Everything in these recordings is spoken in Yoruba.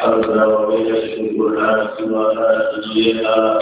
حتى وبين الشبهات ولا تجيها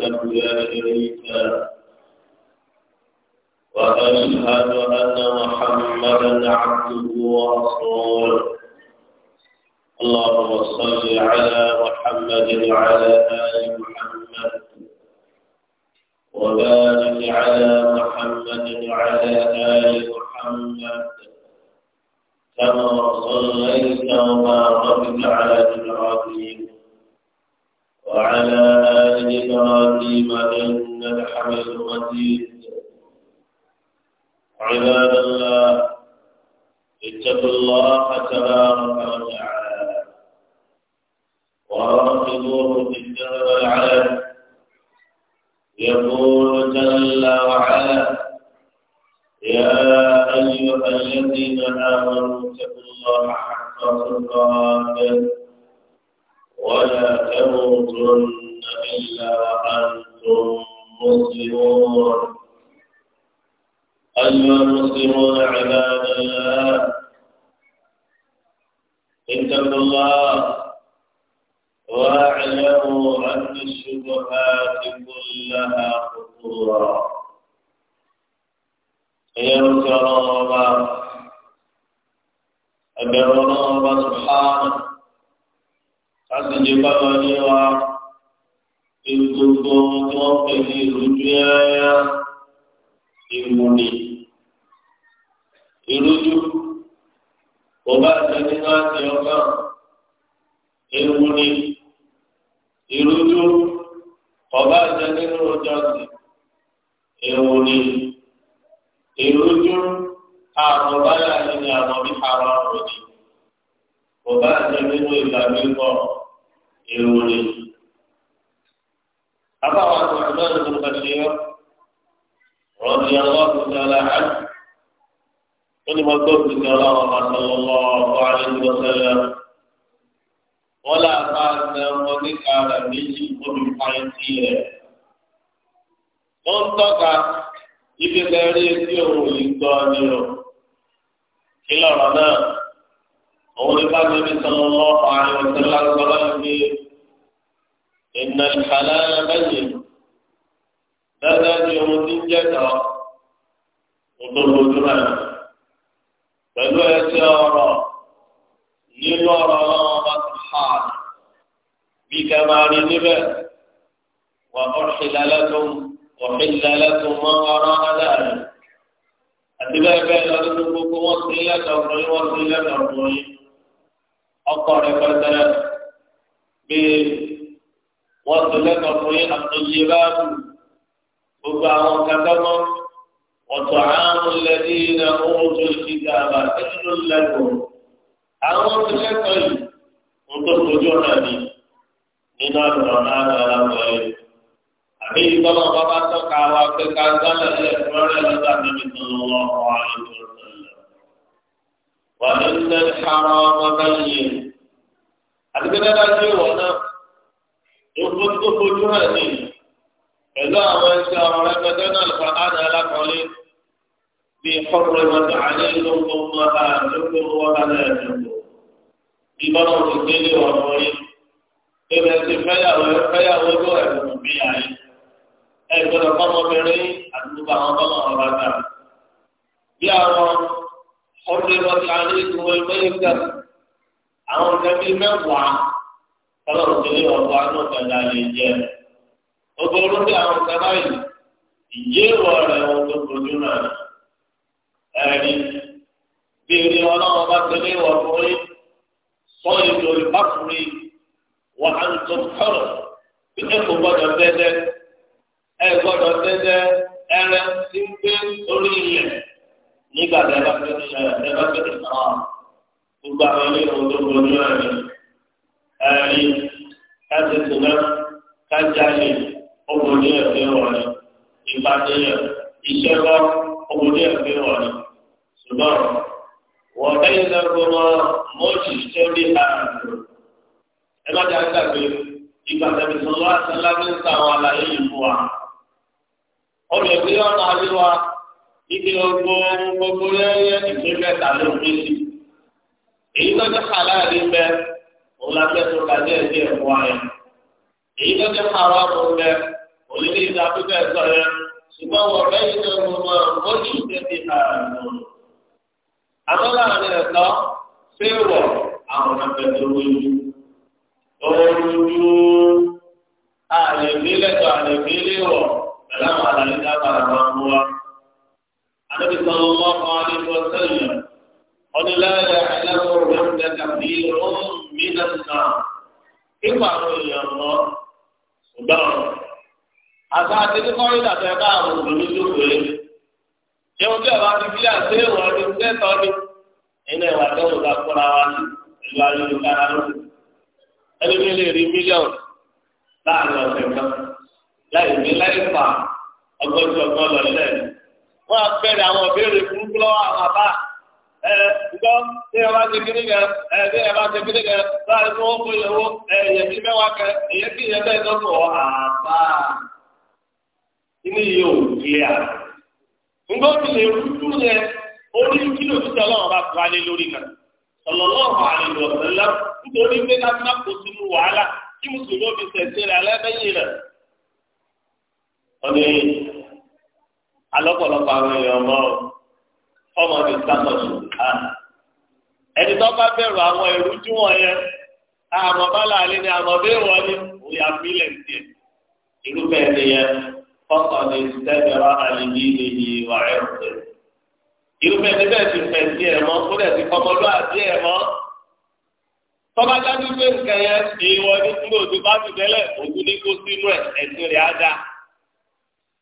وحده لا وأشهد أن محمدا عبده اللهم صل على محمد وعلى آل محمد وبارك على محمد وعلى آل محمد كما صليت وباركت على إبراهيم وعلى آل إبراهيم إنك حميد مجيد عباد الله اتقوا الله تبارك وتعالى وراقبوه في الدهر والعلم يقول جل وعلا يا أيها الذين آمنوا اتقوا الله حق تقاته ولا تموتن إلا أنتم مسلمون أيها المسلمون عباد الله اتقوا الله واعلموا أن الشبهات كلها خطورة ينكر الله أجر الله سبحانه láti jẹ báwọn ní wa gbogbo ohun tí wọ́n pè ní ìrújú yáyá ìmùnì ìrújú kò bá ṣe ní láti ọkàn ìmùnì ìrújú kò bá ṣe nínú ìjọsìn ìmùnì ìrújú àmọ́ báyà ni àmọ́ bí ara rò ní kò bá ṣe nínú ìlànà ìbọn irun ni. Abáwọn àtúntò náà ló ń bá ṣe yọ. Rọ̀bì aláwọ̀ tó lọ́la á. Ó ní mo gbọ́ òkùnkùn ọlọ́run ọba sọ̀rọ̀ lọ́wọ́ àlejò ọ̀sẹ̀lẹ̀. Wọ́n là bá ṣe ọmọ níka rẹ̀ méjì omi fáyín sí rẹ̀. Ó ń tọ́ka ibi kẹrin tí òun ò ni o. Kí lọ̀rọ̀ قولك النبي صلى الله عليه وسلم قال إن الحلال بين بدل يوم جدا وطلب جمعنا بل يسير للوراء مطحان بكمال نبه وأحل لكم أحل لكم ما وراء ذلك أتباع بين أرضكم وصيلة أخرى وصيلة أخرى ọkọ rẹ̀ pẹ̀lẹ́pẹ̀lẹ́ bí wọ́n tó lẹ́kọ̀ọ́ fún yín àtúnyẹ bá kú gbogbo àwọn kakọ́mọ́ ọ̀tọ̀ àwọn lẹ́dí iná owó tó ti dá a bá ẹ̀dúró lẹ́kọ̀ọ́ àwọn tó lẹ́kọ̀ọ́ yìí ń tó fojú ọ̀nà mi nínú àgbà náà lára wọ̀ àbí ìtọ́nà bàbá tọ́ka wa pé ká gbọ́dọ̀ lẹ́kọ̀ọ́ rẹ̀ lọ́dọ̀ àbí mi tó lọ́wọ́ àwọn àlejò ọ̀sán وإن الحرام بين àtìgbẹ́dá dájú ìwọ̀n náà gbogbo tó fojú hàn ní pẹ̀lú àwọn ẹgbẹ́ ọmọ rẹpẹtẹ náà lọ́kọ̀ ádà alákọ̀ọ́lé bíi kọ́kọ́rọ́ ìwọ̀n àlẹ́ lóko mọ́ ha lóko mọ́ ha lóko bí bọ́lá òkè délé ọ̀rọ̀ yìí bẹ́ẹ̀ ti fẹ́yàwó fẹ́yàwó ló ẹ̀kọ́ bí ayé ẹ̀gbọ́dọ̀ kọ́mọbìnrin àti gbogbo àwọn bọ́lá ọ̀rọ̀ حرمت عليكم الميتة àwọn kẹbí mẹ́wàá kọlọ́run ti ní ọ̀pọ̀ àánú kẹta lè jẹ gbogbo olóńgbé àwọn kẹta yìí ìyé ìwọ rẹ wọn tó gbójú náà ẹni bí eré ọlọ́run bá ti ní ìwọ fún yín sọ èdè olùbákùnrin wà á ń tó kọrọ bí ẹ kò gbọ́dọ̀ dẹdẹ ẹ gbọ́dọ̀ dẹdẹ ẹrẹ ti ń gbé orí ilẹ̀ nígbà tí a bá fẹ́ ti ẹ bá fẹ́ ti sàn án gbogbo àwọn ilé ìwọ̀n tó gbòòrò náà ni ẹ̀rí káṣí tìǹbà kájáde ọmọdé ẹ̀fẹ́ wọ̀n ni ìbàdíyẹ iṣẹ́ bá ọmọdé ẹ̀fẹ́ wọ̀n ni ṣùgbọ́n wọ́n bẹ́yìn náà gbọ́dọ̀ mọ́ọ̀sì tẹ́lẹ̀ ààrùn ẹ má dáa gbàgbé ìgbà tẹ̀lé sọ́lá àti ńlá ní sàwọn àlàyé yìí fún wa ọ̀dọ̀ ìgbéyàwó náà ibi gbogbo gbogbo lẹ́yẹ ìpín mẹ́ta ló ń bí sí. èyí tó jẹ́ halali bẹ́ ọ̀làgbẹ́ tó ka díẹ̀ díẹ̀ fún wa yẹn. èyí tó jẹ́ haramu bẹ́ onídìí ìdàkúkẹ́ sọ yẹn. ṣùgbọ́n wọ́n bẹ́yìí tó ń mọ ojú tẹ̀sí ààrùn. àmọ́ láàrin ẹ̀tọ́ ṣé wọ̀ àwọn abẹ́tẹ̀ ojú. ojú àlèmílẹ̀tọ̀ àlèmílẹ̀wọ̀ pẹ̀lú àwọn àlàyé dábàá àwọn ọmọ wa. النبي صلى الله عليه وسلم قل لا يعلم الرمد كثير من النار كيف أقول يا الله سبحانه àtàtì ní kọ́rídà tẹ bá àwọn òbí lóko yìí ṣéun bí ọba ti fi àṣẹ ìwọ̀n ọdún tẹ́tọ́ ni ẹni ẹ̀wà tẹ́wọ̀ bá kọ́ra wa ní ìlú ayélujára lóko ẹni mi lè rí mílíọ̀nù láàrin ọ̀sẹ̀ kan láì ní láì fà ọgọ́jọ ọgbọ́n lọ lẹ́yìn. wọ́n á bẹ̀rẹ̀ àwọn ìbéèrè burúkú lọ́wọ́ àwọn àbá ẹ gbọ́ tí ẹ bá ti kiri kẹ ẹ ẹ bá ti kiri kẹ láti fún ọkọ ìyẹwò ẹ kẹ ìyẹn tó àbá kílíà mi lè rúdú yẹ orí kílò bá lórí lọ nítorí pé wàhálà kí mùsùlùmí alọ́pọ̀lọpọ̀ àwọn èèyàn mọ́ ọmọ mi sábọ̀tù hàn ẹni tó bá bẹ̀rù àwọn ẹ̀rú jú wọn yẹn àmọ́ bálá àlẹ́ ni àmọ́ bẹ́ẹ̀ wọ́n ní òyà fílẹ̀ tiẹ̀ irúfẹ́ ẹni yẹn fọ́kàn ní sẹ́gbẹ̀rọ àlejò ìlẹ̀yìn ìwà ẹ̀rù tẹ̀lé irúfẹ́ ẹni bẹ́ẹ̀ ti fẹ̀ sí ẹ̀ mọ́ kó dẹ̀ ti kọ́mọdú tọ́ba dájú pé nǹkan yẹn èèwọ̀ ní kúrò tó bá ti tẹ́lẹ̀ òkú ní kó sínú ẹ̀ ẹ̀sìn rẹ̀ á dáa.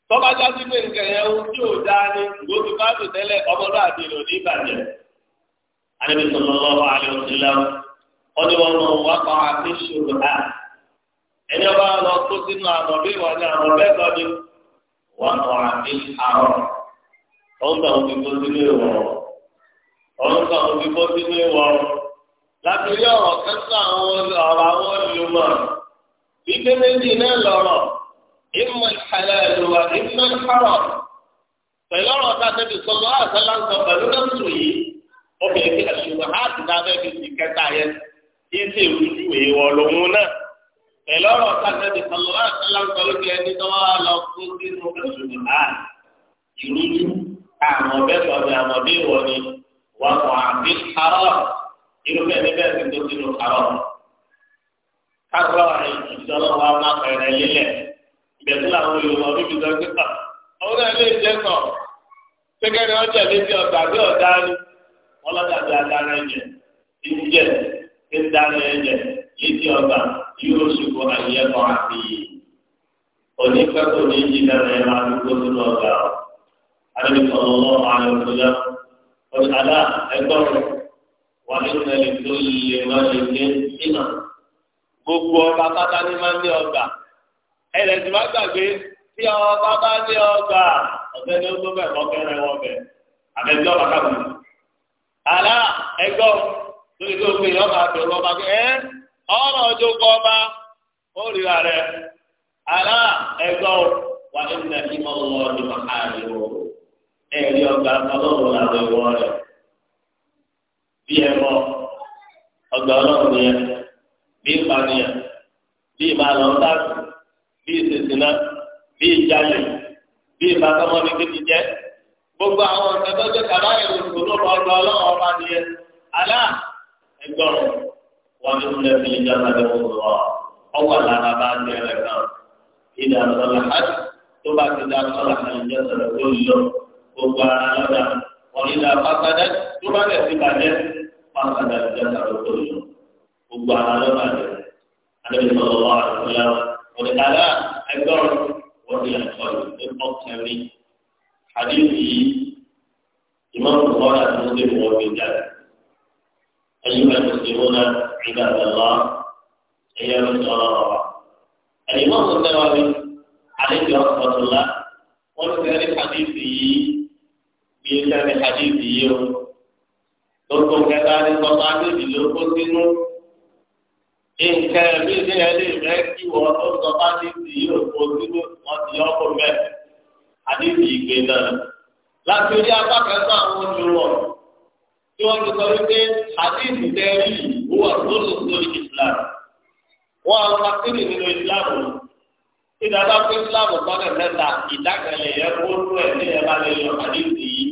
tọ́ba já sí pé nǹkan yẹn ohun tí ò dáa ní gbòógì bá dùn tẹ́lẹ̀ ọmọdé àti ní ìbàjẹ́. Àdébí sọ̀rọ̀ lọ́wọ́ àlẹ́ òṣèlú ọdún wọn mọ̀ wá pa àti ṣòro Ẹni ọba lọ kó sínú àmọ̀ bí ní bẹ́ẹ̀ ni àti àrọ̀. òfin kó sínú ìwọ̀. ìmọ̀ ìhàlẹ̀ wa ìmọ̀ ìhàrọ̀ pẹ̀lú ọ̀rọ̀ tá a tẹ́bi sọ́lọ́ àtàlà ń sọ pẹ̀lú lẹ́sùn yìí obìnrin kí àṣùwọ̀n á ti dá fẹ́bi sí kẹta yẹn kí sì rújú èèwọ̀ lòun náà pẹ̀lú ọ̀rọ̀ tá a tẹ́bi sọ́lọ́ àtàlà ń sọ lókè ẹni tó wá lọ kú sínú àṣùwọ̀n á ìrújú àmọ̀ bẹ́ẹ̀ sọ ni àmọ̀ bí ìwọ ni wà kọ́ àbí àrọ̀ irúfẹ́ ní bẹ́ẹ̀ sì tó sínú àrọ̀ káàkiri àwọn ìjọba wa máa pẹ̀rẹ̀ lílẹ̀ ìgbẹ̀sí làwọn Yorùbá ọdún ìjọba gbé kà àwọn náà lè jẹ́ kàn kékeré ọjà lébi ọgbà bí ọ̀dá ni wọ́n lọ́dà bí adára ẹ̀jẹ̀ ìjẹ̀ ìdára ẹ̀jẹ̀ lébi ọgbà yóò ṣubú ayé ní máa nínú wọn lè gbogbo ọba pátá ní máa ń ọgbà. ẹ̀rẹ̀ tí wọ́n gbàgbé tí ọba bá ní ọgbà ọ̀sẹ̀ ni ó tó bẹ̀ mọ́kẹ́rẹ́ wọ́n bẹ̀ àbẹ̀jọ́ bàbá mi. àlá ẹgbọ́ lórí tó gbé ọba àbẹ̀ ọba kẹ́ ẹ́ ọ̀rọ̀ ọjọ́ kọ́ ọba ó rí ra rẹ̀ àlá ẹgbọ́ wà ní ilẹ̀ ìmọ̀ wọn ọdún màkàrí o ẹ̀rí ọgbà ọlọ́run làwọn ẹ̀wọ́ rẹ̀ bí ẹ̀mọ́ ọgbà ọlọ́run yẹn bí ìpànìyàn bí ìbálòpọ̀ bí ìsinsinna bí ìjalè bí ìbátanmọ́ni kébi jẹ́ gbogbo àwọn ìtẹ́tọ́jọ́ kàrá ìròyìn olóòtú ọgbà ọlọ́run ọba nìyẹn alá ẹgbọ́rún wọn ní kúlẹ̀ fi ìjà sábẹ́ wọ́n ọwọ́ àlànà bá ń tẹ̀lé kan ìdá sọlá hajj tó bá ti dá sọlá hajj jẹ́ sọlá tó lọ gbogbo ara lọ́dà wọn ìdá pàṣẹdẹ tó bá bẹ̀ sí bàjẹ́ pàṣẹdẹ jẹ́ sọlá tó lọ gbogbo ara lọ́dà rẹ̀ adébísọ̀rọ̀ wà lọ́dà ọ̀dẹ̀dàlá ẹgbọ́n wọ́ọ̀dì àtọ́lù ẹgbọ́n kẹrí àdéhùn yìí ìmọ̀ràn kọ́ra tó ń débò wọ́n gbé jáde. أيها المسلمون عباد الله أيها المسلمون الإمام النووي عليه رحمة الله وكان حديثه بإمكان حديثه lóko kẹta ní sọtọ adébí lóko sínú nǹkan ẹ̀mí ní ẹlẹ́ rẹ kí wọ́n tó sọ bá ní ti yóò kó sínú wọn ti yọ kó mẹ́ àdéhùn ìgbé náà. láti orí apákẹ́sọ àwọn olùwọ̀ tí wọ́n ti sọ wípé àdéhùn tẹ́rì wúwà tó lò sórí Islam. wọ́n á ma sílẹ̀ nínú Islam ìdájọ́ pé Islam sọ́dọ̀ mẹ́ta ìdákẹ́lẹ̀ yẹn kó lù ẹ̀ ní ẹ̀ bá lè yọ àdéhùn yìí.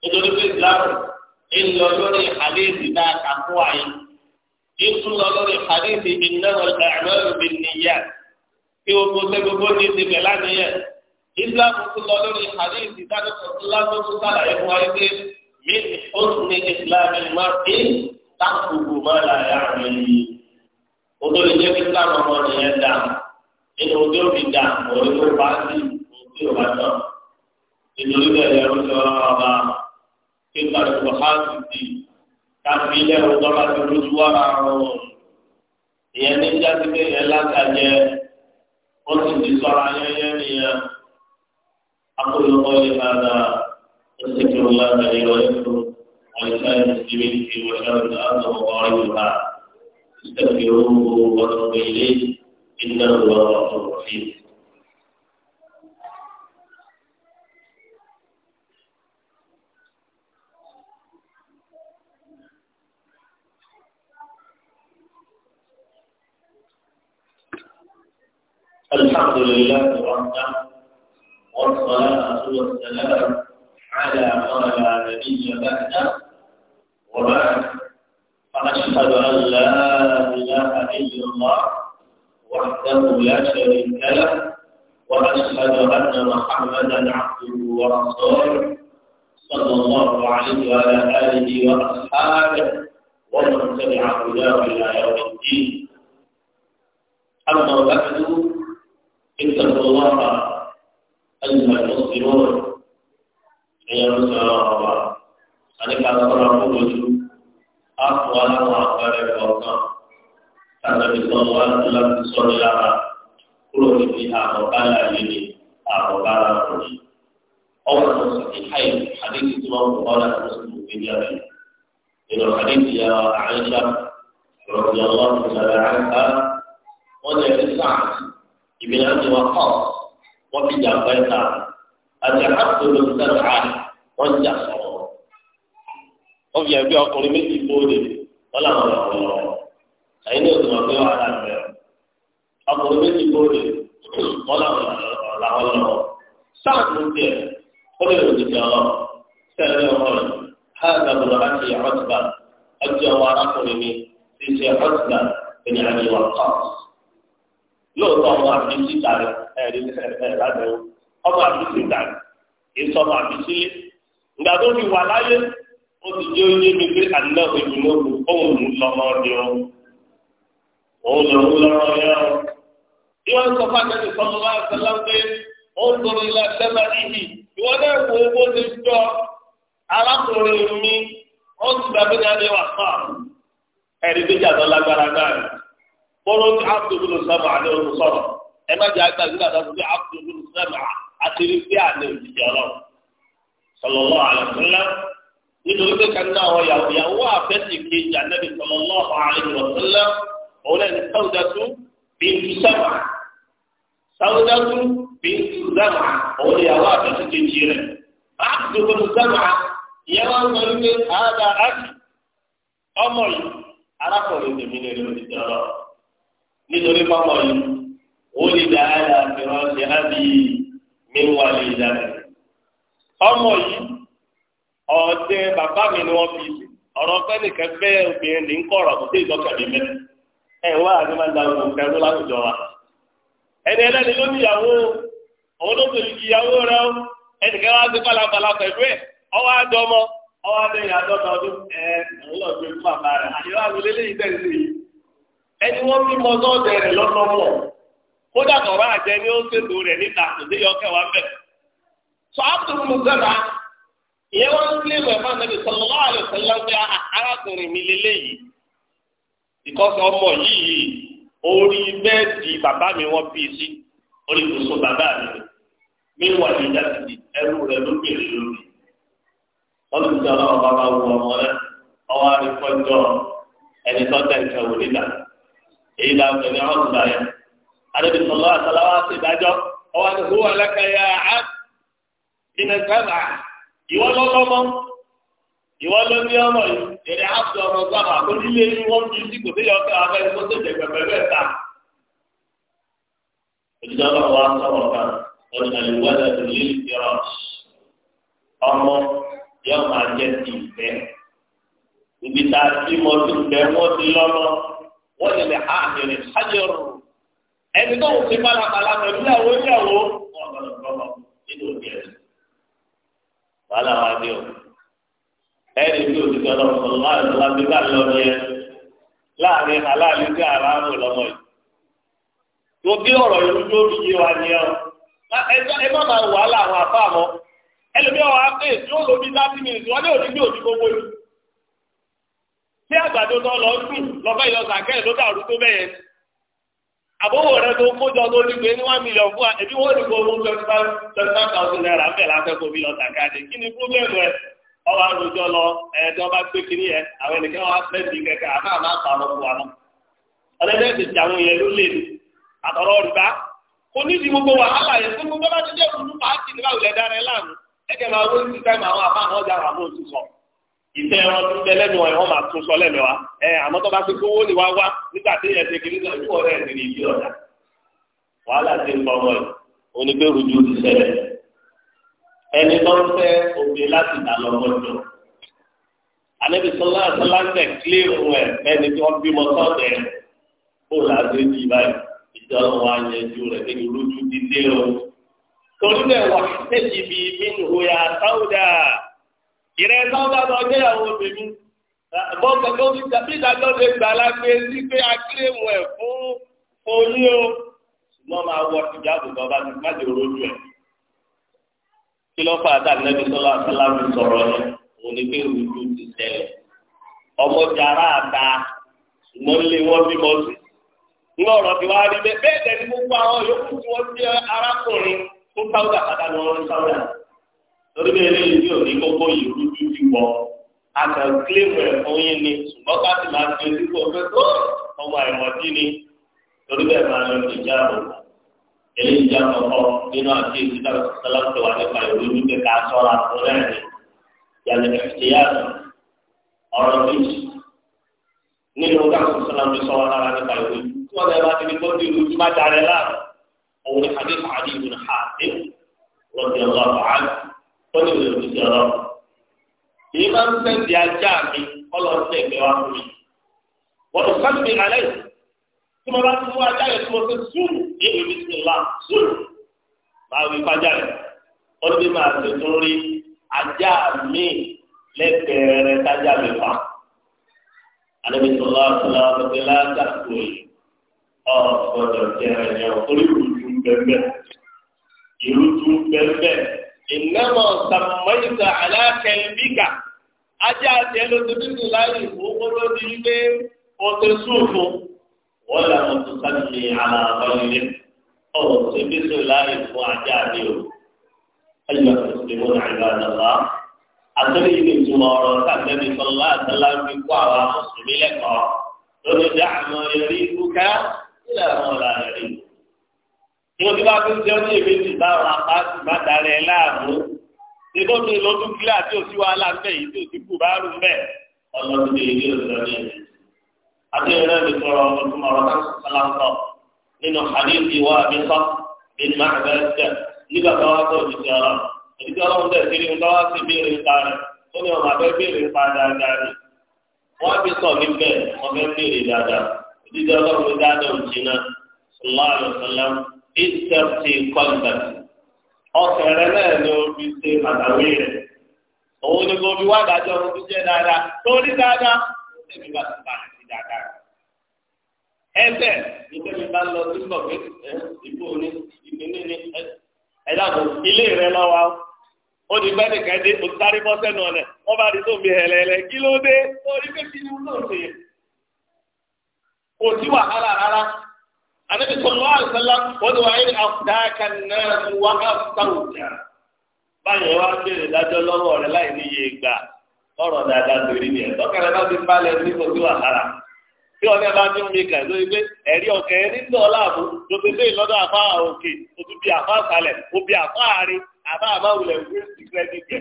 nítorí pé Islam ń lọ lórí àdéhùn náà kàkó àyè yíṣu lọ lórí hadithi innamal a'malu binniyat kí o kò sẹ́ gbogbo ní ti bẹ̀ lánìyẹ. islam tún lọ lórí hadithi dájú sọ̀túnlá tó tún sàlàyé fún wa pé mi ò ní islam máa fi táàkùkù máa là yà mí. olórí jẹ́ kí islam ọmọ nìyẹn dà nínú ojú òbí dà òun ló bá sí òbí òbá náà. ìdòwú bẹ̀rẹ̀ ẹ̀rọ sọ̀rọ̀ ọba kí n bá lọ́kọ̀ hàn sí i káfí lẹ́rù tọ́ba tó lójú wa máa rọrùn ìyẹn ní jáde pé ìyẹn látàjẹ ó sì ti sọ̀rọ̀ ayẹyẹ nìyẹn akólókọ́ yìí hàdà ẹsẹ̀kẹ́ ńlá tẹ̀lé ọ̀yẹ́kọ́ àyíká ìsinmi ti wọ́ṣọ́rọ̀ láti ọkọ̀ ọ̀yọ́ ha ìsẹ̀kẹ́ òun kò wọ́n tó ilé ìdáná lọ́wọ́ ọ̀rọ̀ yìí. الحمد لله وحده والصلاة والسلام على ما نبي بعد وبعد فأشهد أن لا إله إلا الله وحده لا شريك له وأشهد أن محمدا عبده ورسوله صلى الله عليه وعلى آله وأصحابه ومن تبع هداه إلى يوم الدين أما بعد اتقوا الله أيها المسلمون يا رسول الله أنك أصبر قلوب أقوال وأقوال الأوطان كان النبي صلى الله عليه وسلم يصلي لها كل في أعقال اليمين أعقال الرجل أول الصحيحين حديث سماه قال مسلم في جابر من الحديث يا عائشة رضي الله تعالى عنها وجاء سعد بالأمن والخاص وفي جنبيتها التحصل السبعة والجحصر وفي أبي أقول مثل بولي ولا ولا ولا أين يتوقع على المال أقول مثل بولي ولا ولا ولا سعد من دين قل يا الله سأل هذا امرأتي عتبة الجوار أقول لي في حسبة بن أبي وقاص lóòótọ́ ọmọ àbísí ìdàrẹ ẹ̀rí ẹ̀rẹ́dẹ̀ ọmọ àbísí ìdàrẹ èso ọmọ àbísí lé ìgbà tó wà láyé ó ti jẹ́ oúnjẹ mi pé àná ìdùnnú òun mú lọ́mọ ọdẹ o òun lọ mú ọdẹ o ìwọ sọ fáwọn ẹni sọmọ wa sọlá ń ó ń sọ̀rọ̀ ilé ẹgbẹ́ máa níhì náà wò ó bó ti jọ arákùnrin mi ó ti gbàgbé ní adé wà fáà ẹ̀rí kpọrọ ní abdulbulu sẹmà ní olú sọ̀rọ̀ ẹ má jẹ àgbà nígbà àti ọlọ sọlọlọ kanna yàwó yàwó àfẹsí kejì ànábi sọlọlọ òun ẹni sáwùdàtú sáwùdàtú òun yàwó àfẹsí kejì rẹ yàwó àdá àti ọmọ yìí arákùnrin tèmi ní nítorí pápá yìí ó lè dá àyà àfihàn ṣe ábí mi wà lè dá rẹ̀. ọmọ yìí ọ̀ọ́dẹ bàbá mi ni wọ́n fi ọ̀rọ̀ pẹ́ nìkan fẹ́ obìnrin ní kọ̀rọ̀ kó mẹ́rin. wá àti máa da láwùjọ wa. ẹni ẹlẹ́ni ló níyàwó òun ló tòlù ìyàwó rẹ o ẹnìkan wá sí pálapàla pẹ̀lú ẹ̀ ọwọ́ àdọ́mọ ọwọ́ àdẹ́yìn àdọ́ta ọdún ẹ̀ ẹni wọ́n fi mọ sọ́ọ̀dẹ̀ rẹ̀ lọ́nà mọ kódà tọ̀rọ̀ àjẹ ni ó ṣèlú rẹ níta kò sí yọkẹ́ wa bẹ̀. sọ àtúntò ihe ìyẹn wọn ń lé ìwẹ̀ fún àtẹ̀bí sọlọ́wọ́ àlẹ́ arákùnrin mi lélẹ́yìí ìkọ́sọ̀ ọmọ yìí orí bẹ́ẹ̀dì bàbá mi wọ́n bí sí orí bàbá mi mi wà ní ẹrú ló bèrè lórí. èyí là ń tẹ̀lé ọ̀rọ̀ gbà yẹn. Adébí sọ̀rọ̀ àtàláwá ti dájọ́ ọwọ́ ni hu alákàyà á ìnà sábà ìwọ lọ́lọ́mọ́ ìwọ ló ní ọmọ yìí èrè á fi ọmọ sábà kó nílé ní wọ́n fi sí kò sí yọ fẹ́ abẹ́ tó tẹ̀lé pẹ̀pẹ̀ bẹ́ẹ̀ ta. Òjijì ọlọ́run wa sọ̀rọ̀ kan ọ̀nà ìwádà tó lé wọ́n ti lè ha àyẹ̀rẹ̀ ṣájẹ̀rù ẹni tó ń ṣe pálapàla pẹ̀lú ìyàwó ìyàwó wọn lọ lọ́wọ́ nínú òbí rẹ̀ wàhálà wa dé o ẹni tí o ti sọ lọ sọ lọ àti láti bá lọ ní ẹ láàrin aláàlú sí aráàlú lọmọ yìí tó bí ọ̀rọ̀ ìlú tó fi yé wa ni ẹ ẹ má máa wàhálà àwọn afá ẹlòmíràn wa pé tí ó lóbi láti mi ìsìn òní ní òní gbogbo yìí. tí àgbàdo tó lọ dùn lọ́fẹ́ yọ sàkẹ́ ló dàrú tó bẹ̀yẹ. àbówò rẹ tó tó ní pé ní fún wa ní kó owó twenty five twenty five thousand naira kó mi lọ sàkáde kí ni pírọ́blẹ̀mù ẹ̀ ọwọ́ àròjọ lọ ẹ̀ tí wọ́n bá gbé kiri yẹn àwọn ènìyàn wọn i fẹ́ di kẹ̀kẹ́ fún wa ti ti ìtẹ́ ẹran tó tẹ lẹ́nu ẹ̀ wọ́n máa tún sọ lẹ́nu wa ẹ àmọ́ tó bá ti kówó ni wá wá nígbà tí ẹ ṣe kiri náà ìwọ rẹ̀ nìyí ìdí ọ̀dà wàhálà ti ń bọ̀ wọ́n onígbèrú ju ti ṣẹlẹ̀ ẹni tó ń fẹ́ òbí láti dà lọ́gbọ́dọ̀ anabi sọlá sọlá ń tẹ̀ kílé òun ẹ̀ ẹni tí wọ́n bímọ sọ́ọ̀tẹ̀ ó là á dé di báyìí ìjọ wa yẹ ju rẹ̀ nínú lójú dídé o torí bẹ́ẹ̀ wà á tẹ̀sí bíi mí ìrẹ́ sáwọ́dà lọ jẹ́yàwó tèmi bọ́ọ̀kọ̀kọ́ fi tàbíta lọ lè gbà lágbé sí pé akílẹ̀mù ẹ̀ fún oyún o ṣùgbọ́n máa wọ ìjáàbò bàbá mi má lè rojú ẹ̀. kí ló fà dà nẹ́bí sọ́lá sálámù sọ̀rọ̀ yẹn òun ni pé rúdú ti ṣẹlẹ̀ ọmọ jàrá àta ṣùgbọ́n lé wọ́n bímọ sí. ní ọ̀rọ̀ tí wàá rí bẹ́ẹ̀ bẹ́ẹ̀ tẹ̀ ní gbogbo àwọn yòókù tí wọ́n jẹ́ arákùnrin fún sáwọ́dà pátá ni wọ́n rí sáwọ́dà torí bẹ́ẹ̀ ní ìdí òní kókó yìí rújú ti wọ̀ àtàkìlẹ̀mù ẹ̀fọn yín ni ṣùgbọ́n ká sì máa fi ojú kọ̀ fẹ́ tó ọmọ àìmọ̀dí ni torí bẹ́ẹ̀ máa lọ sí ìjà àbò eléyìí ìjà àkọ́kọ́ nínú àti èyí tí sọlá ti wà nípa ìròyìn kẹta sọ́ra tó náà ni yàtọ̀ ìfìyàtọ̀ ọ̀rọ̀ méjì nínú káàkiri sọlá ti lára nípa ìròyìn tí wọ́n lè ti ní gbọ́dọ̀ ìlú tí má darẹ̀ láàrú òun ni hadith hadith ibn Hatim radiyallahu anhu ó ní ìwé òbí ti ọ̀rọ̀ èyí máa ń sẹ́ǹdì ajá mi ọlọ́ọ̀tẹ̀ ẹ̀gbẹ́ wa fún mi wọ́n sọ mi alẹ́ tí mo bá ti mú ajá yẹn tí mo fi zúù ní ìwé òbí ti ńlá zúù máa wí fájà rẹ̀ ó ní máa ṣe tó rí ajá mi lẹ́gbẹ̀ẹ́ rẹ̀ tájà mi fà alẹ́bí tó lọ́wọ́ tó lọ́wọ́ tó fi láàjà tó yìí ọ̀ gbọ́dọ̀ jẹ́ ẹ̀yàn orí ìrújú bẹ́ẹ̀ ìrújú bẹ́ẹ̀ ìnáwó sàmọ́yìíta alákẹ́lbíkà ajá àti ẹlòtòdìdì láyé ìfowópamọ́ di wípé ọtẹ sùnfù wọ́n là wọ́n tó sábìlì àlà àbáyọ̀lẹ̀ ọ̀rọ̀ tó bí sùn láyé fún ajá àti o. ayé wa ti mú àyíká dàgbà àtúndì yìí ni ìtumọ̀ ọ̀rọ̀ sàbẹ̀bí sọlá àtàlà ń kó àwọn mùsùlùmí lẹ́kọ̀ọ́ lórí dáhùn ẹ̀rí kúkà nílẹ̀ àwọn ọ̀là ẹ̀rí ní ojú bá tó ń jẹ́ ní èméjì báwọn apáàtì má darẹ̀ láàmú ṣètò mi lọ́dún kílà tí ò sí wàhálà ń bẹ̀ yìí tí ò sí kù bá rù ń bẹ̀ ọlọ́dún lè yé ọ̀dọ́ ní ẹ̀mí. àtẹ̀yẹrẹ mi sọ̀rọ̀ ọdún ọ̀rọ̀ kan sọ̀rọ̀ sọ̀ nínú àdéhùn wa mi sọ nínú àgbẹ̀sẹ̀ nígbà tó wá tó òjijì ọ̀rọ̀ òjijì ọlọ́run tẹ̀ sí ní wá sí béèrè nípa ìtẹ̀tì kọ́ńtàtì ọkẹ̀ rẹ náà ni omi ṣe pàtàkì rẹ̀ òun ni mo fi wá dájọ́ mo fi jẹ́ dáadáa torí dáadáa tẹ̀mí bá ti bàrẹ̀ sí dáadáa ẹsẹ̀ ní tẹ̀mí bá lọ sí gbọ̀gbẹ́ ìbò ní ìpínlẹ̀ ní ẹ̀dàbò ilé rẹ lọ́wọ́ ó di bẹ́ẹ̀ nìkan dé o sáré bọ́ sẹ́nu ọ̀nẹ̀ wọ́n bá di tó mi hẹ̀lẹ́hẹ̀lẹ́ kí ló dé torí pé kí ni wọ́n lò sí kò sí wàhálà rárá anabi sọlọ àlùsọlá wọn wà ayé àfúdáàkà náà ní wákàtí sáwùjà báyìí wá béèrè dájọ́ lọ́wọ́ rẹ̀ láì níye gbà ọ̀rọ̀ dáadáa lórí ni ẹ tọkẹrẹ bá ti balẹ̀ ní gbogbo àhárà tí ọlẹ bá ní omi kà lórí pé ẹ̀rí ọkẹ ẹni ń dọọlá àbò lóbi lé lọ́dọ̀ àfa òkè òtún bíi àfa àsàlẹ̀ òbí àfa àárín àbá àbá wulẹ wúlé síkírẹ níjẹ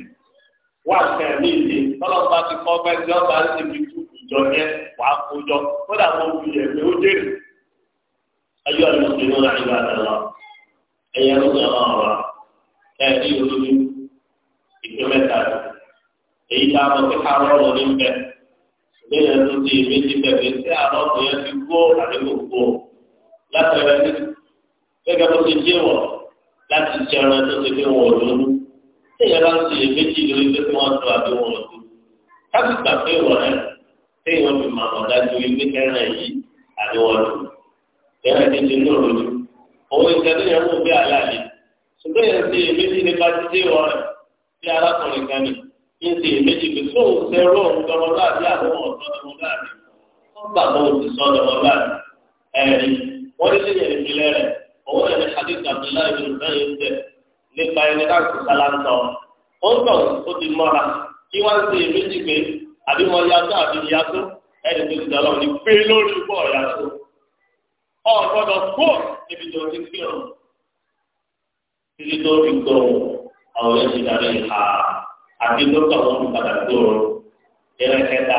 wà sẹmí ìdè tọlọmọba ti kọ pẹ tí ọba ń ṣe fi tú ìjọ yẹn wà á kó jọ kódà mo fi ẹgbẹ́ ó jèrè. أيها المسلمون عباد الله أي رضي الله هذه الرجل ìpínlẹ̀ta èyí tá a mọ̀ sí kárọ̀lù níbẹ̀ lẹ́yìn tó di méjì bẹ̀rẹ̀ sí àwọn ọkùnrin ti gbó àdéhùn gbó látọ̀rẹ́ ní gẹ́gẹ́ bó ti jẹ́ wọ̀ láti jẹ ọ̀rọ̀ tó ti fi wọ̀ lónú lẹ́yìn bá ń di méjì lórí pé kí wọ́n tó àdéhùn lónú káàkiri gbà pé wọ̀ rẹ̀ téèyàn fi mọ̀ ọ̀dájú ilé kẹrin yìí àdéhùn lónú yẹn ti ti lóru ju òun ìṣẹ́lẹ̀ yẹn wò bí aláàlẹ́ ṣùgbọ́n yẹn ti èméjì nípa títí wọn rẹ̀ bí arákùnrin kan ní yẹn ti èméjì pé tó ń sẹ́rọ̀ òun dọ́rọ̀ láàbí àwọn ọ̀dọ́ dọ́rọ̀ láàbí wọ́n gbà bọ́ òun ti sọ dọ́rọ̀ láàbí ẹ̀rí wọ́n ní lẹ́yìn ìpínlẹ̀ rẹ̀ òun ẹ̀rí hadith abdullahi bin ibrahim tẹ̀ nípa ẹni láti sálátọ̀ ó ń tọ̀ ó ti mọ́ra kí wọ́n ti èméjì pé àbí mọ yàtọ̀ àbí yàtọ̀ ẹni tó ti dọ̀rọ̀ ní ọ̀gbọ́dọ̀ kó níbi tó ti fi hàn títí tó fi gbọ́ àwọn ẹ̀sìn ìdarí ìhà àti dókítà wọn fi padà gbòòrò ẹ̀rẹ́ kẹta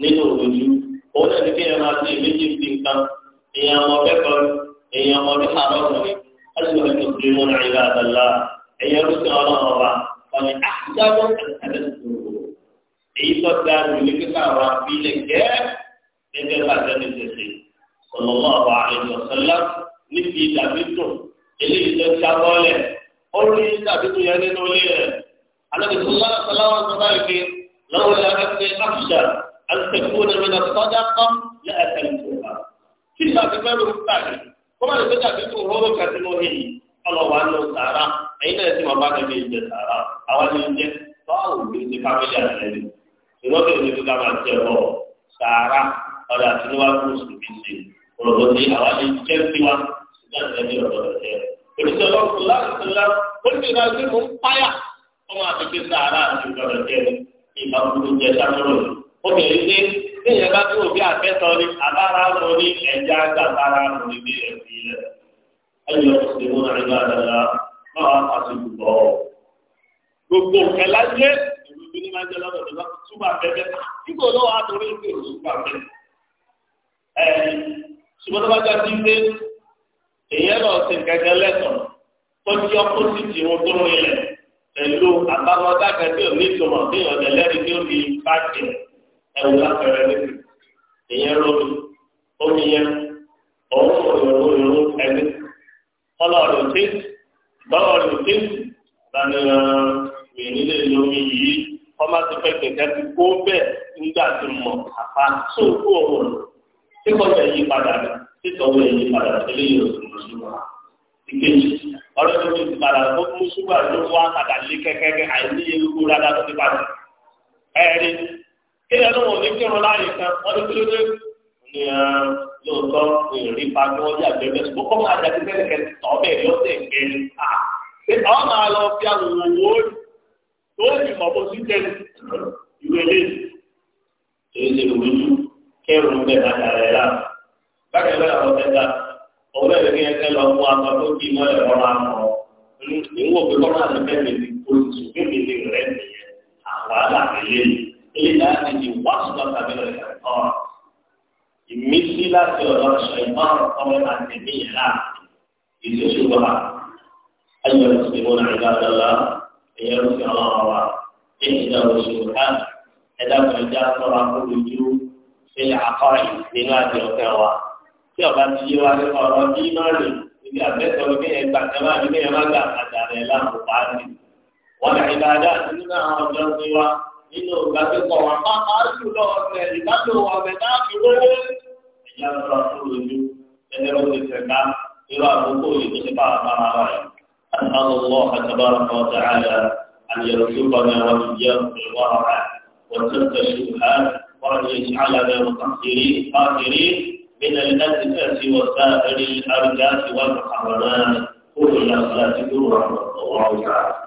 nínú òdojú òun náà ní kí ẹ máa ṣe méjì fi nǹkan èèyàn ọmọ kẹ́kọ̀ọ́ èèyàn ọmọ ní àlọ́kùnrin láti wọ́n ti fi wọn àyè àdàlà èèyàn ló ti ọlọ́run ọba wọn ni àtijọ́ èyí tó dáa jù ní kíkà àwọn àfihàn gẹ́ẹ́ gẹ́gẹ́ bá jẹ́ ní tẹ̀sí sallallahu alaihi wasallam níbi ìdàbí tó eléyìí tó ń sábọ́ọ̀lẹ̀ ó rí ìdàbí tó yẹ nínú ilé rẹ̀ alẹ́ sọlá sọlá wọn sọ báyìí pé lọ́wọ́ ilé akẹ́kẹ́ àfìṣà alùpẹ̀kú onímọ̀ náà sọ́jà kan ní ẹ̀sẹ̀ ìtura kí ìdàbí mẹ́rin ń tàbí kó má lè tó dàbí tó rọ́rọ́ kàtí mọ́ mi ọlọ́wà ń lọ sàárà ẹ̀yin náà ti máa bá mi jẹ sàárà àwa ni jẹ ọ̀rọ̀ ní àwọn ìjẹ́ tiwa ṣùgbọ́n ẹ̀mí ọ̀rọ̀ rẹ̀ olùsọ lọ sọ láti sọ lọ olùsọ náà sí mò ń páyà wọn máa fi gbé sàárà àti ìjọba jẹ ìgbà gbogbo jẹ sáfọlọ obìnrin ní níyẹn bá tó òbí àfẹsọ ni àbára lọ ní ẹja àgbàbára lọ ní bí ẹbí rẹ ẹyọ ìṣèwọ àríwá dada náà wà pàṣẹ gbogbo ọ gbogbo kẹlá ẹ ṣùgbọ́n tó bá já sí pé èèyàn lọ sí gẹ́gẹ́ lẹ́sàn tó di ọpọ́sìtì wọn tó mú ilẹ̀ pẹ̀lú àbámọ́dá kan tí ò ní ìtumọ̀ tí ìyọ̀dẹ̀ lẹ́rìí tí ó fi bá jẹ ẹ̀wù lápẹ̀rẹ̀ níbi èèyàn lómi omi yẹn òun òyòrò òyòrò ẹni ọlọ́ọ̀rì òtí bọ́ọ̀rì òtí lànà mi nílé lómi yìí ọmọ ti fẹ́ kẹ̀kẹ́ ti kó bẹ́ẹ̀ nígbà tí mo àfa sóòkú òun tí kọjá yí padà tí tọwọ́ yí padà tẹ́lẹ̀ yóò sì mú sí wa. ìkejì ọ̀rọ̀ tó ti padà ó mú ṣúgbà tó wá padà lé kẹ́kẹ́kẹ́ àìní ewu kó rárá tó ti padà. ẹ̀rí kí lẹ́nu wọn ní kírun láàyè kan wọ́n ní kílódé ní ah, lóòótọ́ ìrìn pa kí wọ́n yàgbẹ́ mẹ́sàn-án ó kọ́ máa jáde kẹ́kẹ́ tọ́ bẹ́ẹ̀ lọ́sẹ̀ gbẹ́ni ṣe ọ máa lọ fi àwòrán owó tó ìmọ̀ bó sí tẹ́lẹ̀ ìwé lé èyí ṣe ìwé lù kẹrùn bẹ bàtà rẹ la bákẹ́ lọ bẹ́ẹ̀ òun bẹ́ẹ̀ bẹ́ẹ̀ kẹ́ lọ mú akọ tó kí mọ́ ẹ̀ lọ́wọ́ àmọ́ níwò pé kọ́ máa ní mi ní oṣù bí mi ní rẹ̀ nìyẹn àwọn àlàyé ilé náà ti di wá sùgbọ́n tàbí rẹ̀ kọ́ ìmísí láti ọ̀dọ̀ ṣe máa ń kọ́ mẹ́ta ní ẹ̀yẹ́rù sí ọlọ́run wa ẹ̀dá kan já sọ́ra kó lójú ilẹ̀ àkọ́rẹ́ nínú àti ọ̀fẹ́ wa tí ọba ti yé wa ní ọ̀rọ̀ bí mọ́rin ibi àbẹ́sọ̀ ibi yẹn gbà tẹ́ wá gbà àdàrẹ̀ láàmú pàdé wọn lè gba adá nínú àwọn ọjọ́ ti wa nínú ìgbàgbẹ́kọ̀ wa pápá jùlọ ọ̀sẹ̀ ìbálò ọ̀sẹ̀ náà fi wọ́wọ́ ìyá lọ́la fún ojú ẹni ló ti tẹ̀ka irú àkókò yìí ti bá a bá rẹ̀ الله تبارك وتعالى أن يرزقنا وإياكم الورع وتلك الشبهات وأن يجعلنا مقصرين قاصرين من الأزكاس وسائر الأرجاس والمحرمات كل صلاتكم ورحمة الله تعالى